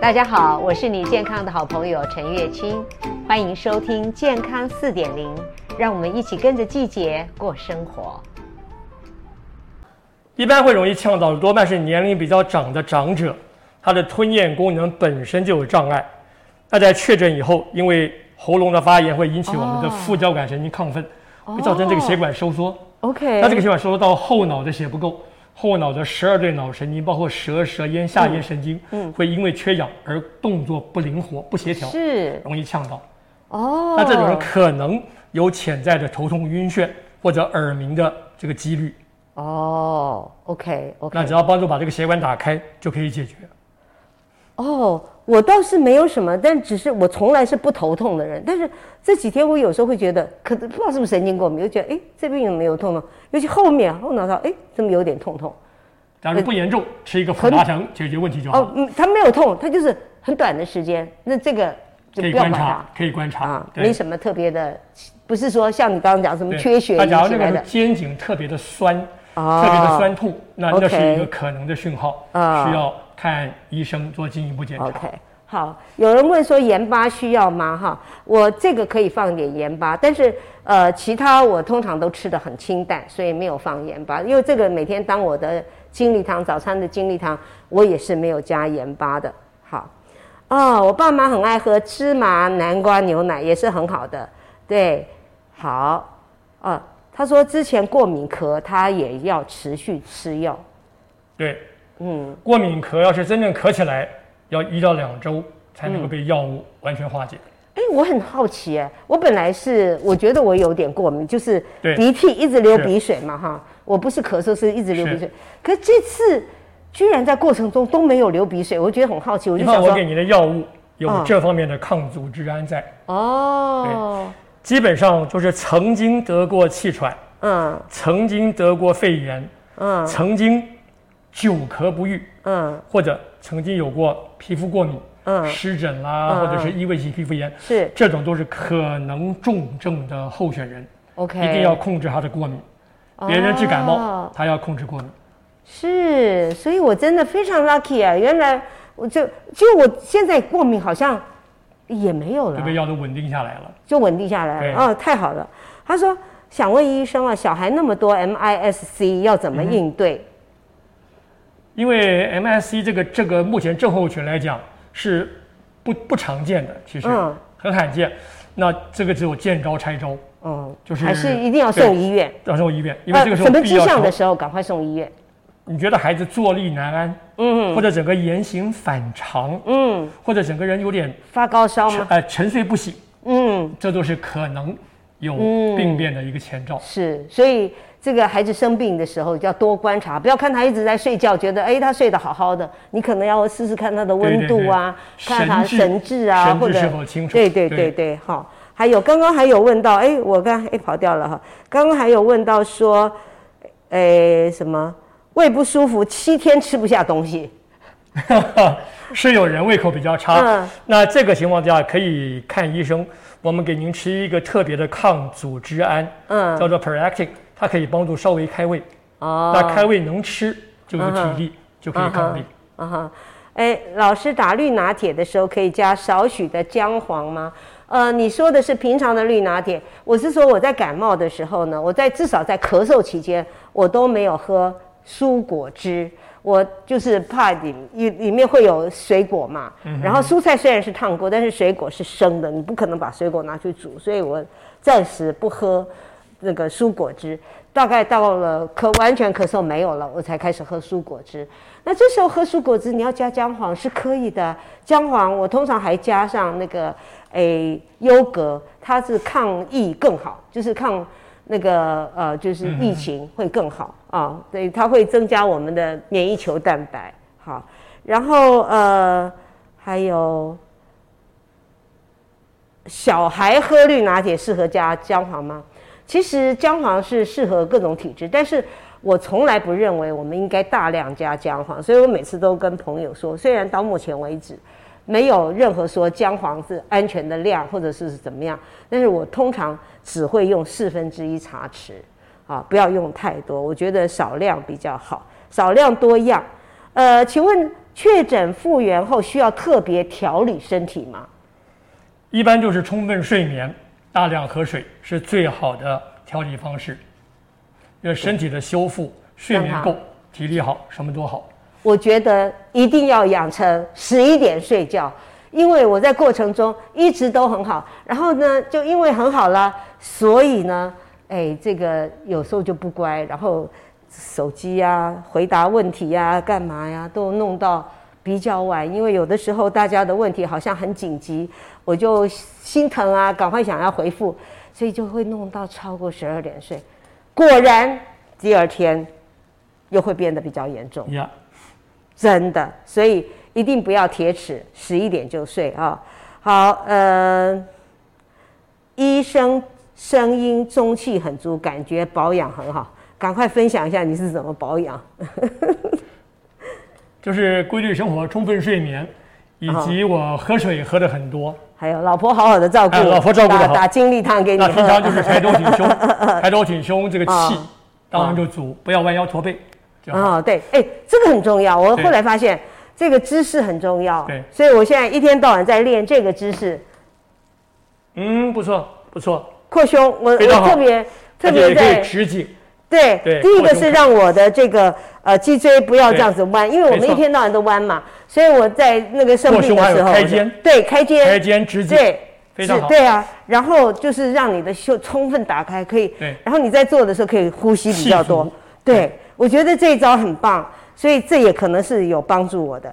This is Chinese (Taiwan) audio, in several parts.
大家好，我是你健康的好朋友陳月卿，歡迎收聽《健康4.0》，讓我們一起跟着季節過生活。一般會容易嗆到的多半是年齡比較長的長者，他的吞嚥功能本身就有障礙。那在確診以後，因為喉嚨的發炎會引起我們的副交感神經亢奮，oh. 會造成這個血管收縮。Oh. OK，那這個血管收縮到後腦的血不夠。後腦的十二對腦神經，包括舌、舌咽、下咽神經，嗯，嗯，會因為缺氧而動作不靈活、不協調，是容易嗆到。哦，那這種人可能有潛在的頭痛、暈眩或者耳鳴的這個幾率。哦，OK OK，那只要幫助把這個血管打開就可以解決。哦。我倒是沒有什麼，但只是我從來是不頭痛的人。但是這幾天我有時候會覺得，可能不知道是不是神經過敏，又覺得哎這邊有沒有痛痛？尤其後面後腦勺哎，這麼有點痛痛。假如不嚴重，吃一個普拿疼解決問題就好。哦、嗯，他沒有痛，他就是很短的時間，那這個就不要管他，可以觀察，可以觀察啊，沒什麼特別的，不是說像你剛剛講什麼缺血引起的。他、啊、假如那個時候肩頸特別的酸，哦、特別的酸痛，哦、那這是一個可能的訊號，哦、需要。看醫生做進一步檢查。OK，好。有人問說鹽巴需要嗎？哈，我這個可以放點鹽巴，但是呃，其他我通常都吃得很清淡，所以沒有放鹽巴。因為這個每天當我的精力湯，早餐的精力湯，我也是沒有加鹽巴的。好，哦，我爸媽很愛喝芝麻南瓜牛奶，也是很好的。對，好，哦，他說之前過敏科他也要持續吃藥，對。嗯，過敏咳要是真正咳起來，要一到兩周才能夠被藥物完全化解。哎、嗯，我很好奇、欸，哎，我本來是我覺得我有點過敏，就是鼻涕一直流鼻水嘛，哈，我不是咳嗽，是一直流鼻水是。可這次居然在過程中都沒有流鼻水，我覺得很好奇。你看我給你的藥物有這方面的抗組織胺在哦、嗯，基本上就是曾經得過氣喘，嗯，曾經得過肺炎，嗯，曾經。久咳不愈，嗯，或者曾經有過皮膚過敏，嗯，濕疹啦，或者是異位性皮膚炎，是這種都是可能重症的候選人。OK，一定要控制他的過敏。哦，別人治感冒，他要控制過敏。是，所以我真的非常 lucky 啊！原來我就就我現在過敏好像也沒有了，這個藥都穩定下來了，就穩定下來了，哦，太好了。他說想問醫生啊，小孩那麼多 MIS-C 要怎麼應對？嗯因為 m S C 這個這個目前症候群來講是不不常見的，其實、嗯、很罕見。那這個只有見招拆招，嗯，就是還是一定要送醫院，要送醫院、啊，因為這個時候什麼跡象的時候趕快送醫院。你覺得孩子坐立難安，嗯，或者整個言行反常，嗯，或者整個人有點發高燒嗎？哎、呃，沉睡不醒，嗯，這都是可能有病變的一個前兆。嗯、是，所以。這個孩子生病的時候要多觀察，不要看他一直在睡覺，覺得哎他睡得好好的，你可能要試試看他的溫度啊，對對對看他神志啊，或者是否清楚？對對對對，好。還有剛剛還有問到，哎，我剛哎跑掉了哈。剛剛還有問到說，哎什麼胃不舒服，七天吃不下東西， 是有人胃口比較差、嗯。那這個情況下可以看醫生，我們給您吃一個特別的抗組織胺，嗯，叫做 Peracti 它可以幫助稍微開胃啊、哦，那開胃能吃就有體力，哦、就可以抗病。啊、哦、哈、哦哦、誒，老師，打綠拿鐵的時候可以加少許的薑黃嗎？呃，你說的是平常的綠拿鐵，我是說我在感冒的時候呢，我在至少在咳嗽期間，我都沒有喝蔬果汁，我就是怕裡裡面會有水果嘛。然後蔬菜雖然是燙過，但是水果是生的，你不可能把水果拿去煮，所以我暫時不喝。那個蔬果汁大概到了咳完全咳嗽沒有了，我才開始喝蔬果汁。那這時候喝蔬果汁，你要加薑黃是可以的。薑黃我通常還加上那個誒優格，它是抗疫更好，就是抗那個呃就是疫情會更好啊，所以它會增加我們的免疫球蛋白。好，然後呃還有小孩喝綠拿鐵適合加薑黃嗎？其實薑黃是適合各種體質，但是我從來不認為我們應該大量加薑黃，所以我每次都跟朋友說，雖然到目前為止沒有任何說薑黃是安全的量或者是怎麼樣，但是我通常只會用四分之一茶匙，啊，不要用太多，我覺得少量比較好，少量多樣。呃，請問確診復原後需要特別調理身體嗎？一般就是充分睡眠。大量喝水是最好的調理方式，因為身體的修復、睡眠夠、體力好，什麼都好。我覺得一定要養成十一點睡覺，因為我在過程中一直都很好。然後呢，就因為很好了，所以呢，哎，這個有時候就不乖，然後手機呀、啊、回答問題呀、啊、幹嘛呀，都弄到比較晚。因為有的時候大家的問題好像很緊急。我就心疼啊，趕快想要回覆，所以就會弄到超過十二點睡。果然第二天又會變得比較嚴重。Yeah. 真的，所以一定不要鐵齒，十一點就睡啊。好，嗯、呃，醫生聲音中氣很足，感覺保養很好，趕快分享一下你是怎麼保養。 就是規律生活，充分睡眠。以及我喝水也喝得很多，還有老婆好好的照顧，老婆照顧的打、打精力湯給你。那平常就是抬頭挺胸，抬 頭挺胸這個氣， 當然就足，不要彎腰駝背。啊、哦，對，哎，這個很重要。我後來發現這個姿勢很重要，對，所以我現在一天到晚在練這個姿勢。嗯，不錯，不錯。擴胸，我我特別特別的直對，對，第一個是讓我的這個呃脊椎，不要這樣子彎，因為我們一天到晚都彎嘛，所以我在那個生病的時候，開。對，開肩，開肩，直。對，直，非常好，對啊，然後就是讓你的胸充分打開，可以，然後你在做的時候可以呼吸比較多。對對，對，我覺得這一招很棒，所以這也可能是有幫助我的。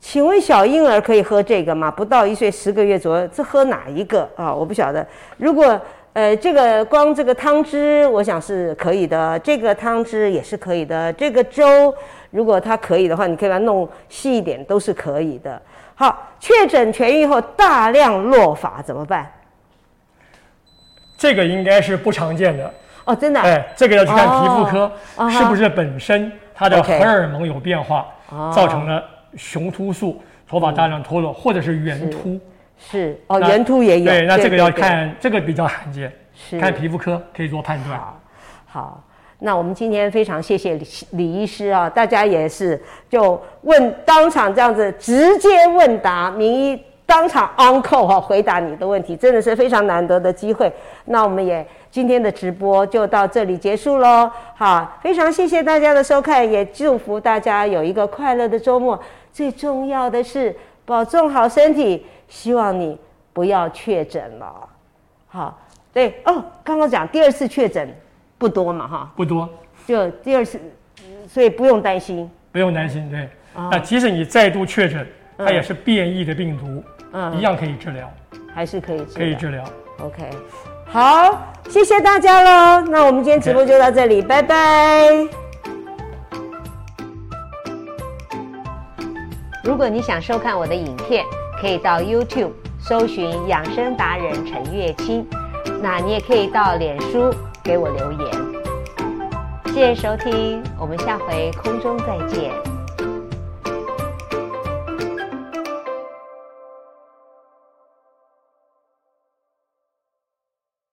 請問小嬰兒可以喝這個嗎？不到一歲，十個月左右，這喝哪一個啊？我不曉得，如果。呃，這個光這個湯汁，我想是可以的。這個湯汁也是可以的。這個粥，如果它可以的話，你可以把它弄細一點，都是可以的。好，確診痊癒後大量落髮怎麼辦？這個應該是不常見的哦，真的、啊。哎，這個要去看皮膚科、哦，是不是本身它的荷爾蒙有變化，okay 哦、造成了雄禿素頭髮大量脫落，嗯、或者是圓禿。是哦，圓禿也有對，對，那這個要看，對對對，這個比較罕見，是看皮膚科可以做判斷好。好，那我們今天非常謝謝李李醫師啊！大家也是就問當場這樣子直接問答，名醫當場 uncle 哈、啊、回答你的問題，真的是非常難得的機會。那我們也今天的直播就到這裡結束嘍。好，非常謝謝大家的收看，也祝福大家有一個快樂的周末。最重要的是保重好身體。希望你不要確診了，好，對，哦，剛剛講第二次確診不多嘛，哈，不多，就第二次，所以不用擔心，不用擔心，對、哦，那即使你再度確診，嗯，它也是變異的病毒、嗯，一樣可以治療，嗯，還是可以治療。可以治療，OK，好，謝謝大家嘍，那我們今天直播就到這裡，okay. 拜拜。如果你想收看我的影片，可以到 YouTube 搜尋養生達人陳月卿，那你也可以到臉書給我留言。謝謝收聽，我們下回空中再見。